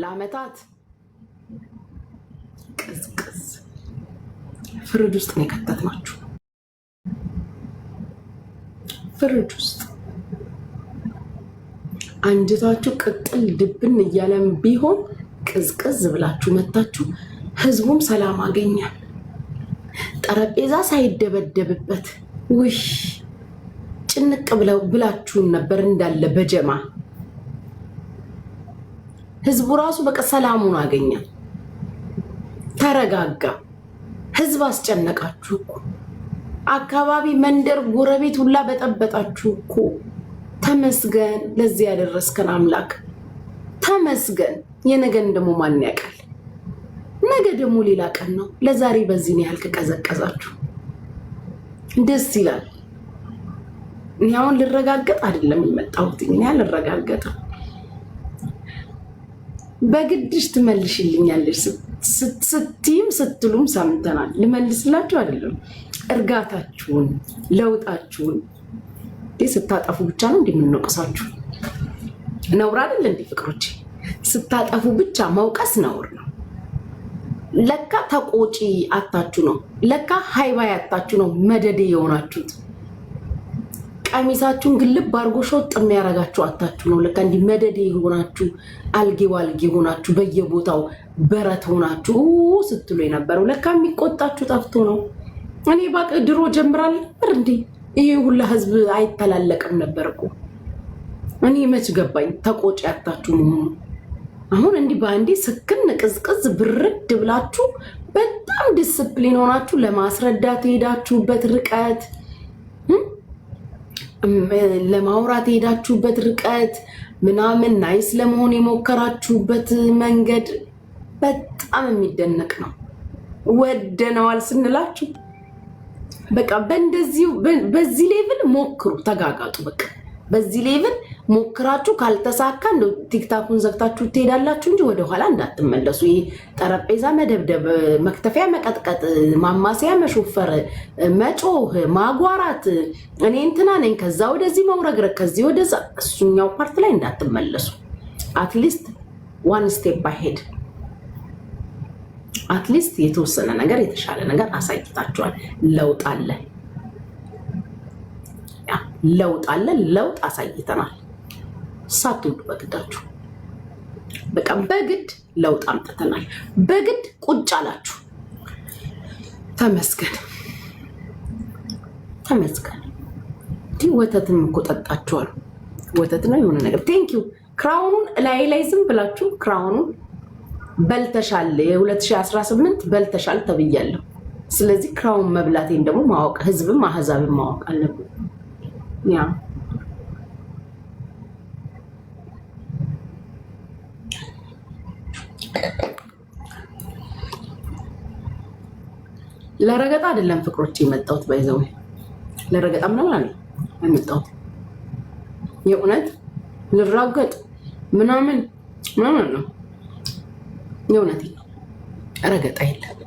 ለአመታት ቅዝቅዝ ፍርድ ውስጥ ነው የከተትናችሁ። ፍርድ ውስጥ አንጀታችሁ ቅጥል ድብን እያለም ቢሆን ቅዝቅዝ ብላችሁ መታችሁ። ህዝቡም ሰላም አገኛል። ጠረጴዛ ሳይደበደብበት ውይ ጭንቅ ብለው ብላችሁን ነበር እንዳለ በጀማ ህዝቡ ራሱ በቃ ሰላሙን አገኘ፣ ተረጋጋ። ህዝብ አስጨነቃችሁ እኮ አካባቢ፣ መንደር፣ ጎረቤት ሁላ በጠበጣችሁ እኮ። ተመስገን ለዚህ ያደረስከን አምላክ ተመስገን። የነገን ደግሞ ማን ያውቃል? ነገ ደግሞ ሌላ ቀን ነው። ለዛሬ በዚህ ያህል ከቀዘቀዛችሁ ደስ ይላል። እኔ አሁን ልረጋገጥ አይደለም የመጣሁት። እኔ አልረጋገጥም። በግድሽ ትመልሽልኛለሽ ስትይም ስትሉም ሰምተናል። ልመልስላችሁ አይደለም እርጋታችሁን፣ ለውጣችሁን ስታጠፉ ብቻ ነው እንደምንወቅሳችሁ። ነውር አይደል እንዴ ፍቅሮች፣ ስታጠፉ ብቻ መውቀስ ነውር ነው። ለካ ተቆጪ አታችሁ ነው። ለካ ሀይባይ አታችሁ ነው መደዴ የሆናችሁት። ቀሚሳችሁን ግልብ አድርጎ ሾጥ የሚያረጋችሁ አታችሁ ነው። ለካ እንዲህ መደዴ የሆናችሁ አልጌ ዋልጌ የሆናችሁ በየቦታው በረት ሆናችሁ ስትሉ የነበረው ለካ የሚቆጣችሁ ጠፍቶ ነው። እኔ ባቅ ድሮ ጀምራል ነበር እንዴ ይሄ ሁላ ህዝብ አይተላለቅም ነበር እኮ እኔ መች ገባኝ ተቆጭ ያታችሁ መሆኑ። አሁን እንዲህ በአንዴ ስክን ቅዝቅዝ ብርድ ብላችሁ በጣም ዲስፕሊን ሆናችሁ ለማስረዳት የሄዳችሁበት ርቀት ለማውራት የሄዳችሁበት ርቀት ምናምን ናይስ ለመሆን የሞከራችሁበት መንገድ በጣም የሚደነቅ ነው። ወደነዋል ስንላችሁ በቃ በእንደዚሁ በዚህ ሌቭል ሞክሩ፣ ተጋጋጡ። በቃ በዚህ ሌቭል ሞክራችሁ ካልተሳካ እንደ ቲክታኩን ዘግታችሁ ትሄዳላችሁ እንጂ ወደኋላ እንዳትመለሱ። ይህ ጠረጴዛ መደብደብ፣ መክተፊያ መቀጥቀጥ፣ ማማሰያ መሾፈር፣ መጮህ፣ ማጓራት፣ እኔ እንትና ነኝ፣ ከዛ ወደዚህ መውረግረግ፣ ከዚህ ወደዛ፣ እሱኛው ፓርት ላይ እንዳትመለሱ። አትሊስት ዋን ስቴፕ ባይሄድ አትሊስት የተወሰነ ነገር የተሻለ ነገር አሳይታችኋል። ለውጥ አለ ለውጥ አለ። ለውጥ አሳይተናል። ሳትወዱ በግዳችሁ በቃ በግድ ለውጥ አምጥተናል። በግድ ቁጭ አላችሁ። ተመስገን ተመስገን። ወተትም እኮ ጠጣችኋል። ወተት ነው የሆነ ነገር ቴንኪዩ። ክራውኑን ላይ ላይ ዝም ብላችሁ ክራውኑን በልተሻል፣ የ2018 በልተሻል ተብያለሁ። ስለዚህ ክራውን መብላቴን ደግሞ ማወቅ ህዝብም አህዛብም ማወቅ አለብን። ለረገጣ አይደለም ፍቅሮች የመጣሁት ባይዘው ለረገጣ ምናምን አለ የመጣሁት የእውነት ልራገጥ ምናምን ምናምን ነው የእውነት ነው። ረገጣ የለም።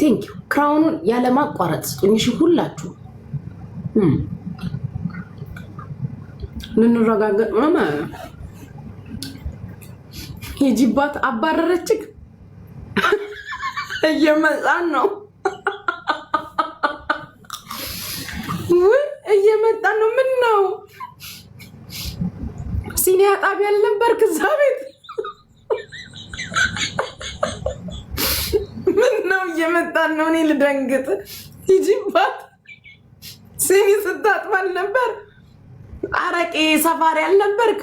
ቴንኪ ክራውኑን ያለማቋረጥ ስጡኝ። እሺ ሁላችሁ hmm. ልንረጋገጥ ምናምን የጅባት አባረረችግ እየመጣን ነው። ጣቢያ ነበር ክዛ ቤት ምን ነው እየመጣን ነው? እኔ ልደንግጥ። ሂጂባት ሲኒ ስታጥባል ነበር? አረቄ ሰፋሪ አልነበርክ?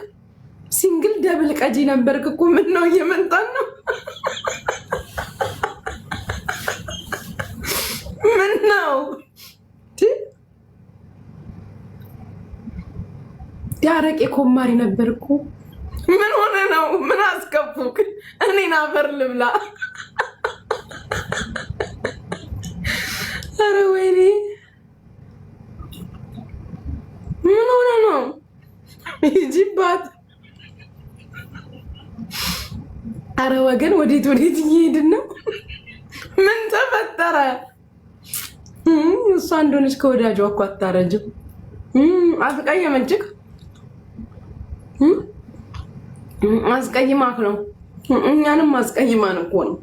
ሲንግል ደብል ቀጂ ነበርክ እኮ። ምን ነው እየመጣን ነው? ምን ነው ያረቄ ኮማሪ ነበርኩ። ምን ሆነ ነው? ምን አስከፉክ? እኔን አፈር ልብላ። ኧረ ወይኔ ምን ሆነ ነው? ሂጂባት። አረ ወገን ወዴት ወዴት እየሄድን ነው? ምን ተፈጠረ? እሷ እንደሆነች ከወዳጇ እኮ አታረጅም። አስቀይማክ ነው። እኛንም አስቀይማን እኮ ነው።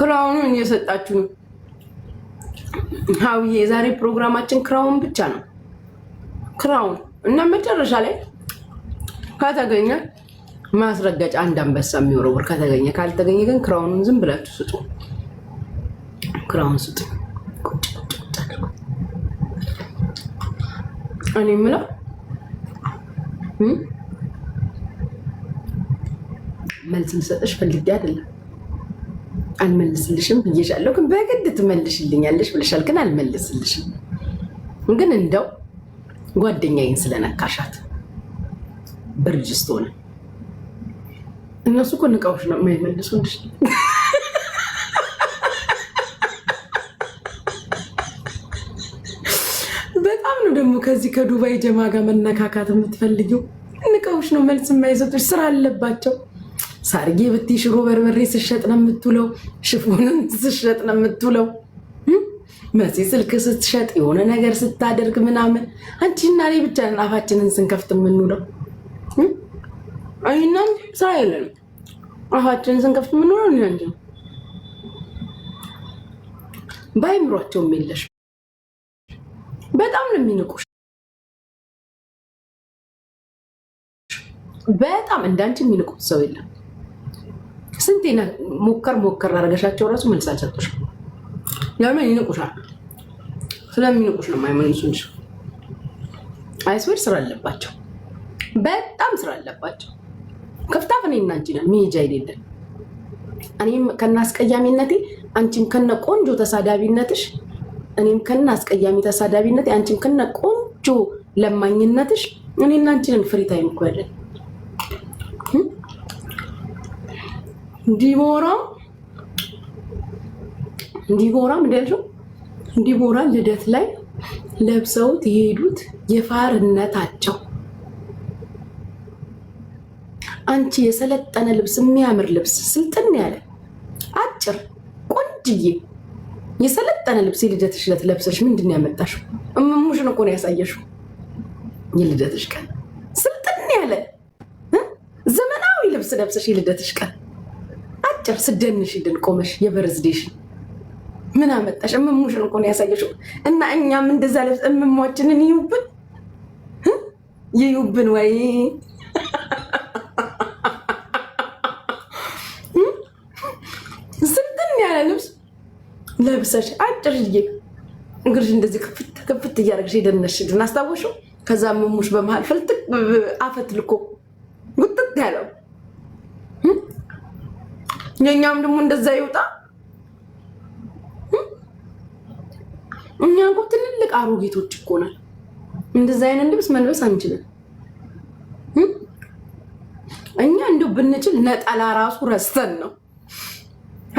ክራውኑን እየሰጣችሁ ሀውዬ፣ የዛሬ ፕሮግራማችን ክራውን ብቻ ነው። ክራውን እና መጨረሻ ላይ ከተገኘ ማስረገጫ አንድ አንበሳ የሚወረውር ከተገኘ፣ ካልተገኘ ግን ክራውኑን ዝም ብላችሁ ስጡ። ክራውን ስጡ። እኔ የምለው መልስ ልሰጥሽ ፈልጌ አይደለም። አልመልስልሽም ብዬሻለሁ፣ ግን በግድ ትመልሽልኛለሽ ብለሻል፣ ግን አልመልስልሽም። ግን እንደው ጓደኛዬን ስለነካሻት ብርጅስቶን እነሱ እኮ ንቃዎች ነው የማይመልሱልሽ። ከዚህ ከዱባይ ጀማ ጋር መነካካት የምትፈልጊው ንቀውሽ ነው መልስ የማይሰጡሽ። ስራ አለባቸው። ሳርጌ ብቲ ሽሮ በርበሬ ስሸጥ ነው የምትውለው። ሽፎንን ስሸጥ ነው የምትውለው። መሲ ስልክ ስትሸጥ የሆነ ነገር ስታደርግ ምናምን፣ አንቺና እኔ ብቻ ነን አፋችንን ስንከፍት የምንውለው። አይናን ስራ የለንም። አፋችንን ስንከፍት የምንውለው ያ ባይምሯቸውም የለሽ። በጣም ነው የሚንቁሽ። በጣም እንዳንቺ የሚንቁት ሰው የለም። ስንቴ ሞከር ሞከር አድርገሻቸው ራሱ መልስ አልሰጡሽ። ለምን ይንቁሻል? ስለሚንቁሽ ነው የማይመልሱልሽ። አይስዌር ስራ አለባቸው፣ በጣም ስራ አለባቸው። ክፍታፍ እኔ እና አንቺ ነን፣ መሄጃ የሌለን እኔም ከና አስቀያሚነቴ፣ አንቺም ከነ ቆንጆ ተሳዳቢነትሽ፣ እኔም ከና አስቀያሚ ተሳዳቢነቴ፣ አንቺም ከነ ቆንጆ ለማኝነትሽ እኔ እና አንቺ ነን ፍሪ ታይም እኮ ያለን ዲቦራ ዲቦራ ምንድነው ዲቦራ ልደት ላይ ለብሰውት የሄዱት የፋርነታቸው አንቺ የሰለጠነ ልብስ የሚያምር ልብስ ስልጥን ያለ አጭር ቆንጅዬ የሰለጠነ ልብስ የልደትሽ ዕለት ለብሰሽ ምንድን ነው ያመጣሽው? እምሙሽን እኮ ነው ያሳየሽው። የልደትሽ ቀን ስልጥን ያለ ዘመናዊ ልብስ ለብሰሽ የልደትሽ ቀን ስደንሽ ድል ቆመሽ የበርዝዴሽ ምን አመጣሽ? እምሙሽን እኮ ነው ያሳየሽው። እና እኛም እንደዛ ለብስ እምሟችንን ይዩብን ይዩብን ወይ ስንትን ያለ ልብስ ለብሰሽ አጭር ዬ እንግዲህ እንደዚህ ክፍት ክፍት እያደረግሽ የደነሽልን አስታወሽው። ከዛ እምሙሽ በመሀል ፍልጥ አፈት ልኮ ጉጥት ያለው የእኛም ደግሞ እንደዛ ይወጣ። እኛ እኮ ትልልቅ አሮጌቶች እኮ ነን። እንደዛ አይነት ልብስ መልበስ አንችልም። እኛ እንደው ብንችል ነጠላ ራሱ ረስተን ነው።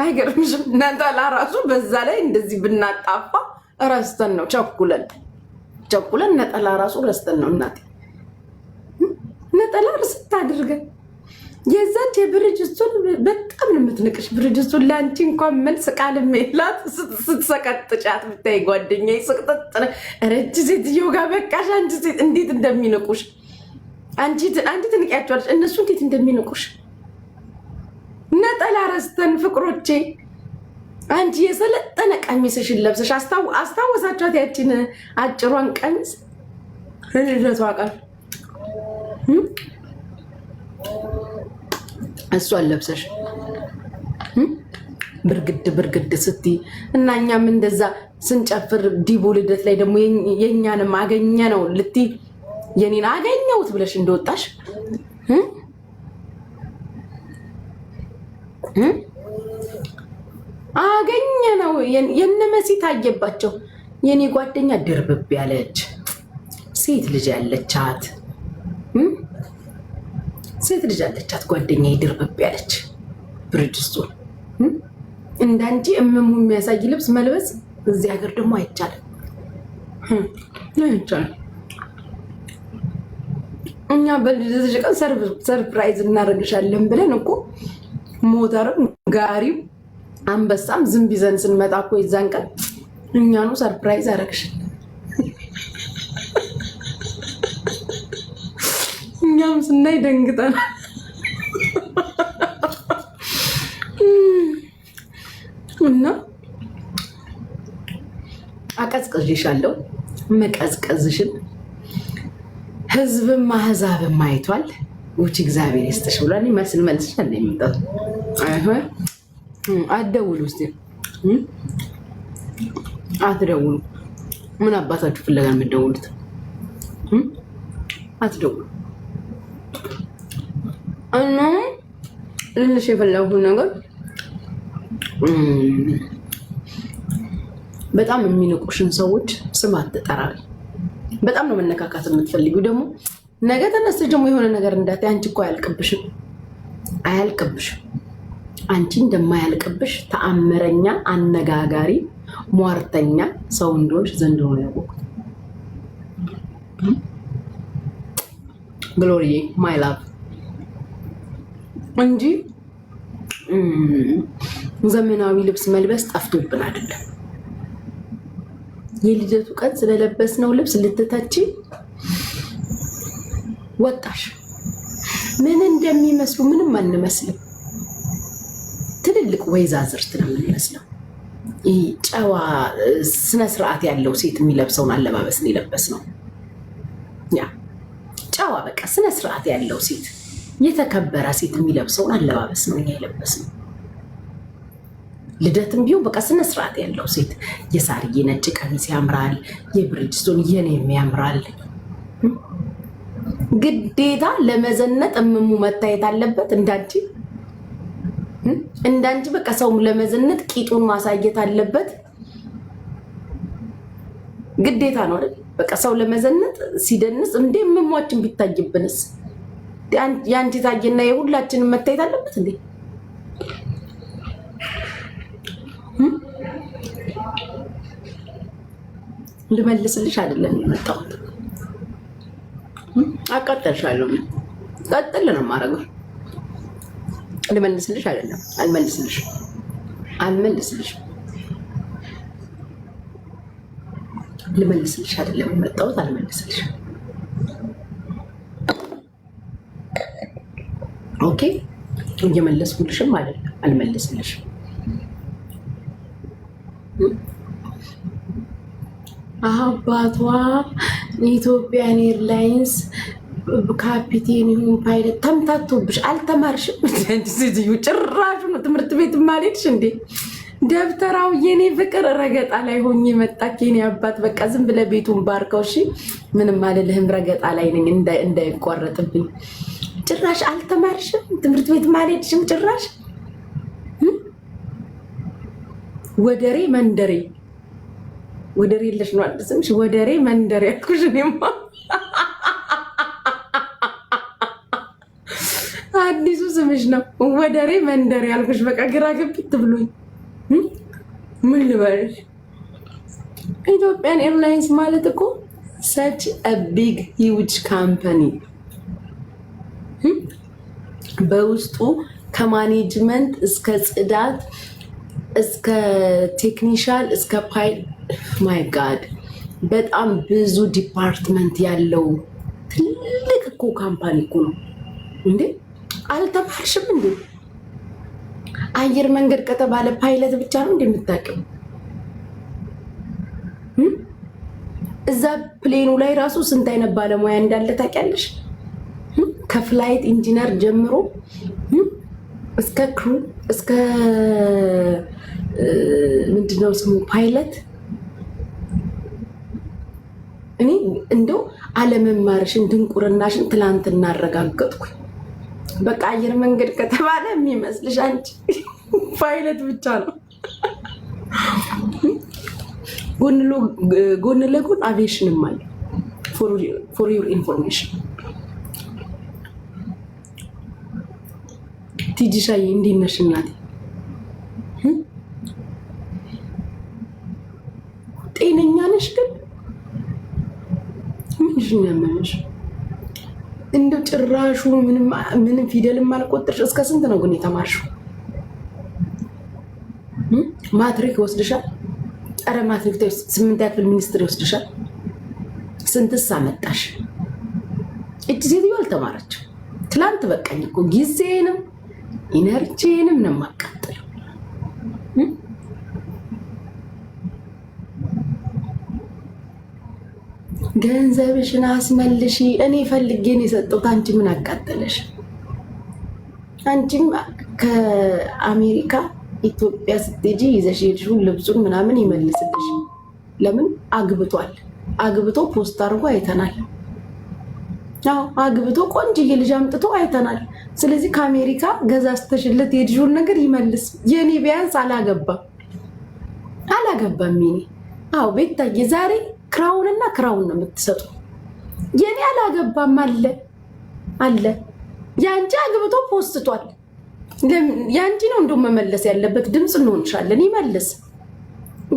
አይገርምሽም? ነጠላ ራሱ በዛ ላይ እንደዚህ ብናጣፋ ረስተን ነው። ቸኩለን ቸኩለን ነጠላ ራሱ ረስተን ነው። እናቴ ነጠላ ርስት አድርገን የዛች የብርጅስቱን በጣም ነው የምትንቅሽ። ብርጅስቱን ለአንቺ እንኳን መልስ ቃል ሜላት ስትሰቀጥጫት ብታይ ጓደኛ ስቅጥጥ ረጅ ሴትዮ ጋር በቃሽ። አንቺ ሴት እንዴት እንደሚንቁሽ አንቺ ትንቅያቸዋለች፣ እነሱ እንዴት እንደሚንቁሽ ነጠላ ረስተን ፍቅሮቼ አንቺ የሰለጠነ ቀሚስሽን ለብሰሽ አስታወሳችኋት? ያችን አጭሯን ቀሚስ ልደቷ ቃል እሷን ለብሰሽ ብርግድ ብርግድ ስትይ እና እኛም እንደዛ ስንጨፍር ዲቡ ልደት ላይ ደግሞ የእኛንም አገኘ ነው ልትይ የኔን አገኘሁት ብለሽ እንደወጣሽ አገኘ ነው የነመሲ ታየባቸው የኔ ጓደኛ ድርብብ ያለች ሴት ልጅ ያለቻት ሴት ልጅ አለቻት ጓደኛ ይድርብብ ያለች ብርጅስቱን እንዳንቺ እምሙ የሚያሳይ ልብስ መልበስ እዚህ ሀገር ደግሞ አይቻልም አይቻልም። እኛ በልጅ ቀን ሰርፕራይዝ እናደርግሻለን ብለን እኮ ሞተርም ጋሪም አንበሳም ዝም ቢዘን ስንመጣ እኮ የዛን ቀን እኛኑ ሰርፕራይዝ አደረግሽን እኛም ስናይ ደንግጠናል። እና አቀዝቅዝሻለሁ። መቀዝቀዝሽን ህዝብም አህዛብም አይቷል። ውጭ እግዚአብሔር ይስጥሽ ብሏል። መልስን መልስሽ አለ የምጣት አትደውሉ ስ አትደውሉ። ምን አባታችሁ ፍለጋ የምደውሉት አትደውሉ እና ልልሽ የፈለጉ ነገር በጣም የሚንቁሽን ሰዎች ስም አትጠራሪ። በጣም ነው መነካካት የምትፈልጊው። ደግሞ ነገ ተነስተሽ ደግሞ የሆነ ነገር እንዳት አንቺ እኮ አያልቅብሽም አያልቅብሽም። አንቺ እንደማያልቅብሽ ተአምረኛ፣ አነጋጋሪ፣ ሟርተኛ ሰው እንደሆንሽ ዘንድሮ ነው ያወቁት። ግሎሪዬ ማይ ላቭ እንጂ ዘመናዊ ልብስ መልበስ ጠፍቶብን አይደለም። የልደቱ ቀን ስለለበስነው ልብስ ልትተቺ ወጣሽ። ምን እንደሚመስሉ ምንም አንመስልም። ትልልቅ ወይዛዝርት ነው የምንመስለው። ጨዋ ስነስርዓት ያለው ሴት የሚለብሰውን አለባበስን የለበስ ነው። ጨዋ በቃ ስነስርዓት ያለው ሴት የተከበረ ሴት የሚለብሰውን አለባበስ ነው እኛ የለበስነው። ልደትም ቢሆን በቃ ስነ ስርዓት ያለው ሴት የሳርዬ ነጭ ቀሚስ ያምራል፣ የብሪጅስቶን የኔም ያምራል። ግዴታ ለመዘነጥ እምሙ መታየት አለበት። እንዳንቺ እንዳንቺ በቃ ሰውም ለመዘነጥ ቂጡን ማሳየት አለበት። ግዴታ ነው አይደል? በቃ ሰው ለመዘነጥ ሲደንስ እንዴ እምሟችን ቢታይብንስ የአንቺ ታዬና የሁላችንም መታየት አለበት እንዴ? ልመልስልሽ አይደለም የመጣሁት። አቃጠልሻለሁ። ቀጥል ነው የማደርገው። ልመልስልሽ አይደለም አልመልስልሽ አልመልስልሽ ልመልስልሽ አይደለም የመጣሁት አልመልስልሽ ኦኬ እየመለስኩልሽም አይደለም አልመለስልሽም። አባቷ የኢትዮጵያን ኤርላይንስ ካፒቴን ይሁን ፓይለት ተምታቶብሽ አልተማርሽም። ጭራሹ ነው ትምህርት ቤት ማሌድሽ እንዴ? ደብተራው የኔ ፍቅር ረገጣ ላይ ሆኜ መጣክ የኔ አባት። በቃ ዝም ብለህ ቤቱን ባርከው። እሺ ምንም አልልህም። ረገጣ ላይ ነኝ እንዳይቋረጥብኝ ጭራሽ አልተማርሽም፣ ትምህርት ቤት አልሄድሽም። ጭራሽ ወደሬ መንደሬ ወደሬ የለሽ ነው አልስምሽ። ወደሬ መንደሬ ያልኩሽ እኔማ አዲሱ ስምሽ ነው። ወደሬ መንደሬ ያልኩሽ በቃ ግራ ገብት ብሎኝ ምን ልበልሽ። ኢትዮጵያን ኤርላይንስ ማለት እኮ ሰች ቢግ ሂውጅ ካምፓኒ በውስጡ ከማኔጅመንት እስከ ጽዳት እስከ ቴክኒሻል እስከ ፓይል ማይ ጋድ በጣም ብዙ ዲፓርትመንት ያለው ትልቅ እኮ ካምፓኒ እኮ ነው እንዴ! አልተባልሽም እንዴ? አየር መንገድ ከተባለ ፓይለት ብቻ ነው እንደምታውቂው። እዛ ፕሌኑ ላይ ራሱ ስንት አይነት ባለሙያ እንዳለ ታውቂያለሽ? ከፍላይት ኢንጂነር ጀምሮ እስከ ክሩ እስከ ምንድነው ስሙ ፓይለት። እኔ እንደው አለመማርሽን ድንቁርናሽን ትላንት እናረጋገጥኩኝ። በቃ አየር መንገድ ከተባለ የሚመስልሽ አንቺ ፓይለት ብቻ ነው። ጎን ለጎን አቪዬሽንም አለ ፎር ዩር ኢንፎርሜሽን ቲጂሻዬ እንዴት ነሽ እናቴ? ጤነኛ ነሽ? ግን ምንሽ ያመመሽ? እንደው ጭራሹ ምንም ፊደልም አልቆጥርሽ። እስከ ስንት ነው ግን የተማርሽው? ማትሪክ ይወስድሻል። ኧረ ማትሪክ ስምንተኛ ክፍል ሚኒስትር ይወስድሻል። ስንትስ አመጣሽ? እጅ ሴትዮ አልተማረችም። ትላንት በቃኝ እኮ ጊዜ ነው ኢነርጂንም ነው የማቃጥለው። ገንዘብሽን አስመልሺ። እኔ ፈልጌን የሰጠሁት አንቺ ምን አቃጠለሽ? አንቺም ከአሜሪካ ኢትዮጵያ ስትሄጂ ይዘሽ ሄድሽውን ልብሱን ምናምን ይመልስልሽ። ለምን አግብቷል፣ አግብቶ ፖስት አድርጎ አይተናል። አግብቶ ቆንጅዬ ልጅ አምጥቶ አይተናል። ስለዚህ ከአሜሪካ ገዛ ስተሽለት የልጁን ነገር ይመልስ። የኔ ቢያንስ አላገባም አላገባም። ኔ አዎ፣ ቤታዬ ዛሬ ክራውንና ክራውን ነው የምትሰጡ። የኔ አላገባም አለ አለ። የአንቺ አግብቶ ፖስቷል። ያንቺ ነው እንደ መመለስ ያለበት። ድምፅ እንሆንሻለን። ይመልስ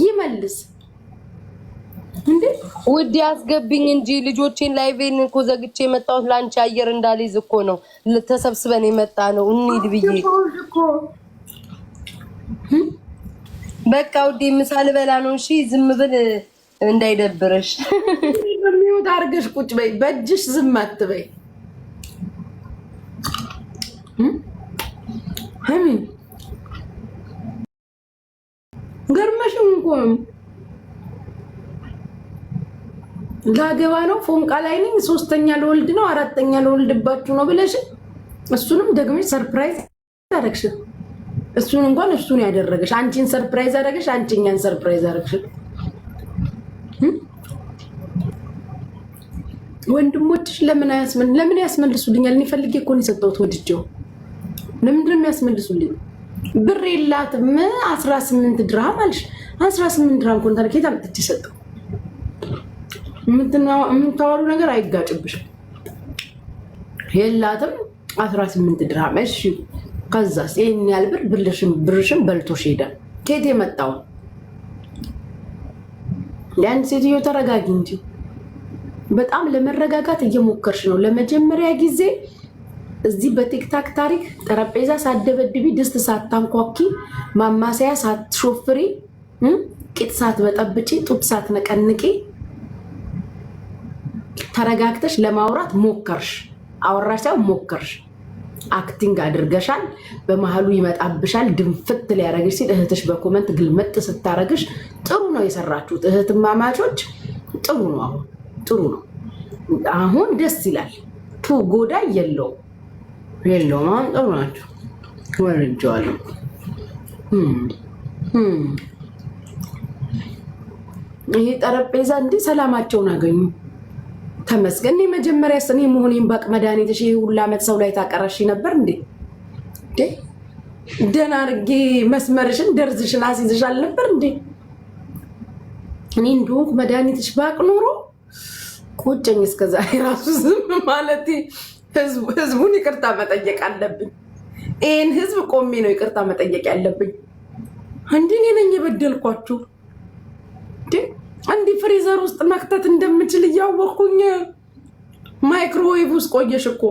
ይመልስ እንዴ ውድ ያስገብኝ እንጂ ልጆቼን ላይቬን እኮ ዘግቼ የመጣሁት ለአንቺ አየር እንዳልይዝ እኮ ነው። ተሰብስበን የመጣ ነው እንሂድ ብዬ በቃ ውዴ፣ ምሳ ልበላ ነው። እሺ ዝም ብል እንዳይደብረሽ በሚወጣ አድርገሽ ቁጭ በይ። በእጅሽ ዝም አትበይ። ገርመሽም እንኳን ላገባ ነው ፎንቃ ላይ ነኝ፣ ሶስተኛ ለወልድ ነው፣ አራተኛ ለወልድባችሁ ነው ብለሽ እሱንም ደግሞ ሰርፕራይዝ አደረግሽ። እሱን እንኳን እሱን ያደረገሽ አንቺን ሰርፕራይዝ አደረገሽ፣ አንቺ እኛን ሰርፕራይዝ አደረግሽ። ወንድሞችሽ ለምን አያስመል ለምን ያስመልሱልኛል? እኔ ፈልጌ እኮ ነው የሰጠሁት ወድጄው። ለምንድን ነው ያስመልሱልኝ? ብር የላትም። አስራ ስምንት ድርሃም አልሽ። አስራ ስምንት ድርሃም ኮንታ ከየት አምጥቼ ሰጠው? የምታወሩ ነገር አይጋጭብሽም። የላትም 18 ስምንት ድርሃም እሺ። ከዛስ ይህን ያህል ብር ብርሽን በልቶሽ ሄዳል። ኬት የመጣው ለአንድ ሴትዮ ተረጋጊ እንጂ በጣም ለመረጋጋት እየሞከርሽ ነው። ለመጀመሪያ ጊዜ እዚህ በቲክታክ ታሪክ ጠረጴዛ ሳደበድቢ፣ ድስት ሳታንኳኪ፣ ማማሰያ ሳትሾፍሪ፣ ቂጥ ሳትበጠብጪ፣ ጡት ሳትነቀንቂ ተረጋግተሽ ለማውራት ሞከርሽ። አወራሽ ሳይሆን ሞከርሽ። አክቲንግ አድርገሻል። በመሀሉ ይመጣብሻል። ድንፍት ሊያረግሽ ሲል እህትሽ በኮመንት ግልመጥ ስታረግሽ ጥሩ ነው የሰራችሁት እህትማማቾች። ጥሩ ነው። አሁን ጥሩ ነው። አሁን ደስ ይላል። ቱ ጎዳ የለው የለውም። አሁን ጥሩ ናቸው። ወርጀዋለሁ ይሄ ጠረጴዛ እንዲህ ሰላማቸውን አገኙ። ተመስገን። መጀመሪያ ስኔ መሆኔን ባቅ መድኃኒትሽ ይህ ሁሉ ዓመት ሰው ላይ ታቀረሽ ነበር እንዴ? ደህና አድርጌ መስመርሽን ደርዝሽን አስይዝሽ አልነበር እንዴ? እኔ እንደሆንኩ መድኃኒትሽ ባቅ ኖሮ ቆጨኝ። እስከዛሬ ራሱ ዝም ማለት ህዝቡን ይቅርታ መጠየቅ አለብኝ። ይህን ህዝብ ቆሜ ነው ይቅርታ መጠየቅ ያለብኝ። እንዲህ እኔ ነኝ የበደልኳችሁ። እንዲህ ፍሪዘር ውስጥ መክተት እንደምችል እያወቅኩኝ ማይክሮዌቭ ውስጥ ቆየሽ እኮ።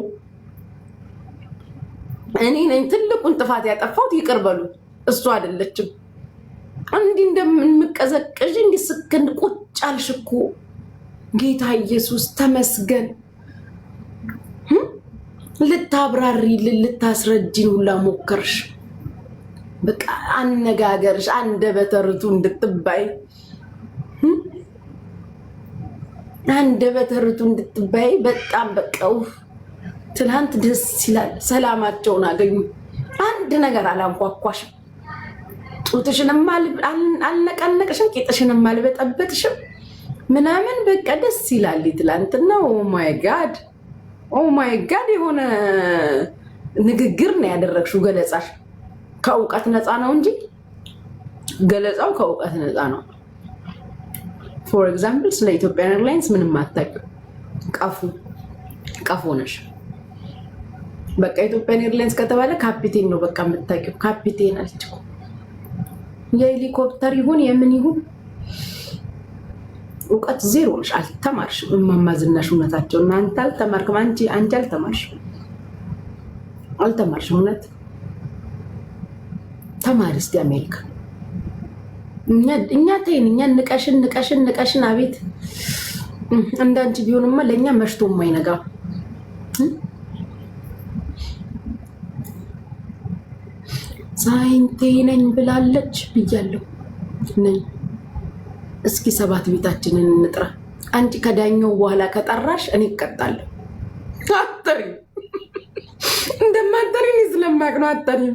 እኔ ነኝ ትልቁን ጥፋት ያጠፋሁት። ይቅር በሉ፣ እሱ አይደለችም። እንዲህ እንደምንቀዘቅዥ እንዲህ ስክን ቁጭ አልሽ እኮ። ጌታ ኢየሱስ ተመስገን። ልታብራሪልን ልታስረጅን ሁላ ሞከርሽ። በቃ አነጋገርሽ አንደበተ እንድትባይ አንደበተ ርቱ እንድትባይ በጣም በቀው። ትናንት ደስ ይላል። ሰላማቸውን አገኙ። አንድ ነገር አላንኳኳሽም። ጡትሽንም አልነቀነቅሽም፣ ቂጥሽንም አልበጠበጥሽም ምናምን በቃ ደስ ይላል። ትላንትና ኦማይ ጋድ ኦማይ ጋድ የሆነ ንግግር ነው ያደረግሽው። ገለጻሽ ከእውቀት ነፃ ነው እንጂ ገለጻው ከእውቀት ነፃ ነው። ፎር ኤግዛምፕል ስለ ኢትዮጵያን ኤርላይንስ ምንም አታውቂም። ቀፉ ቀፎ ነሽ። በቃ ኢትዮጵያን ኤርላይንስ ከተባለ ካፒቴን ነው በቃ የምታውቂው። ካፒቴን አለች። የሄሊኮፕተር ይሁን የምን ይሁን እውቀት ዜሮ ነሽ። አልተማርሽ። እማማ እውነታቸው እናንተ አልተማርክም። አንቺ አንቺ አልተማርሽ አልተማርሽ። እውነት ተማሪ እስቲ አሜሪካ እኛ ተይን እኛ ንቀሽን ንቀሽን ንቀሽን አቤት እንዳንቺ ቢሆንማ ለእኛ መሽቶ የማይነጋ ሳይንቴ ነኝ ብላለች ብያለሁ ነኝ እስኪ ሰባት ቤታችንን እንጥራ አንቺ ከዳኛው በኋላ ከጠራሽ እኔ እቀጣለሁ አጠሪ እንደማጠሪን ስለማቅ ነው አጠሪም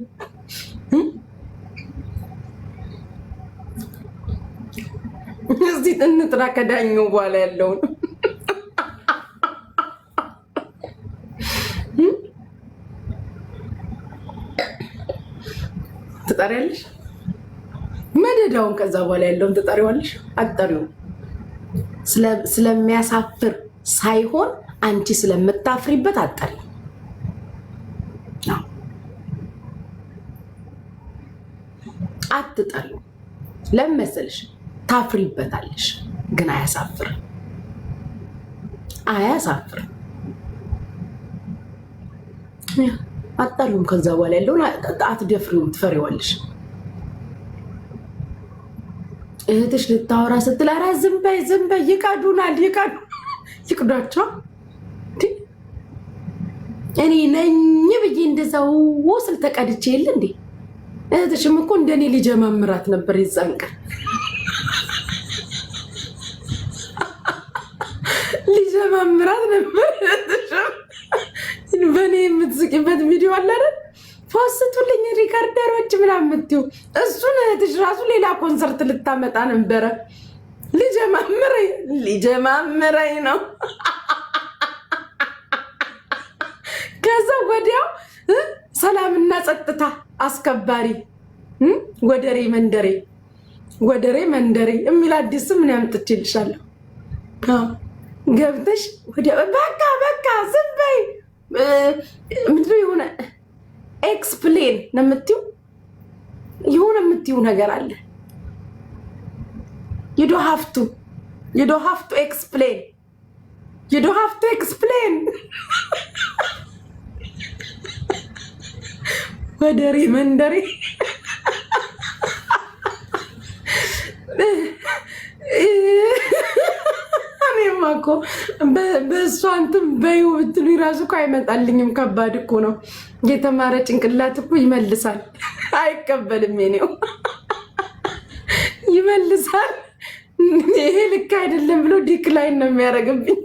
እዚህ እንጥራ ከዳኙ በኋላ ያለውን ትጠሪያለሽ። መደዳውን ከዛ በኋላ ያለውን ትጠሪዋለሽ። አጠሪው ስለሚያሳፍር ሳይሆን አንቺ ስለምታፍሪበት አጠሪ አትጠሪው ለምን መሰልሽ? ታፍሪበታለሽ፣ ግን አያሳፍር አያሳፍር አጣሉም። ከዛ በኋላ ያለውን አትደፍሪውም፣ ትፈሪዋለሽ። እህትሽ ልታወራ ስትል ኧረ ዝም በይ ዝም በይ ይቀዱናል፣ ይቀዱ ይቅዷቸው። እኔ ነኝ ብዬ እንደዛው ውስል ተቀድቼ የለ እንዴ? እህትሽም እኮ እንደኔ መምራት ነበር የዛን ቀን ስተማምራት ነበር። በእኔ የምትስቂበት ቪዲዮ አለ አይደል? ፖስቱልኝ ሪከርደሮች ምናምን የምትይው እሱን እህትሽ ራሱ ሌላ ኮንሰርት ልታመጣ ነበረ። ልጀማምረኝ ልጀማምረኝ ነው። ከዛ ወዲያው ሰላምና ጸጥታ አስከባሪ ወደሬ መንደሬ ወደሬ መንደሬ የሚል አዲስ ምን ያምጥቼልሻለሁ? ገብተሽ በቃ በቃ ዝም በይ ምንድን ነው የሆነ ኤክስፕሌን ነው የምትይው የሆነ የምትይው ነገር አለ የዶ ሀፍቱ የዶ ሀፍቱ ኤክስፕሌን የዶ ሀፍቱ ኤክስፕሌን ወደሬ መንደሬ እኔማ እኮ በእሷ እንትን በይው ብትሉ ራሱ እኮ አይመጣልኝም። ከባድ እኮ ነው። የተማረ ጭንቅላት እኮ ይመልሳል፣ አይቀበልም። ኔው ይመልሳል። ይሄ ልክ አይደለም ብሎ ዲክላይን ነው የሚያደርግብኝ።